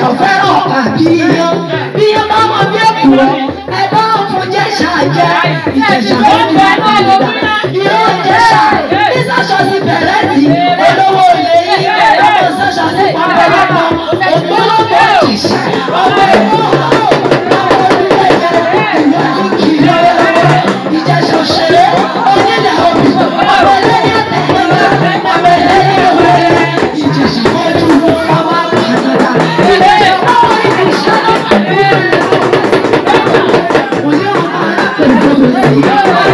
èèyàn fẹ́ràn bí iyán bí iyán bá wọn bí èkó ẹ bá wọn fún jẹ́sà jẹ́ ìjẹ̀sà ¡Gracias!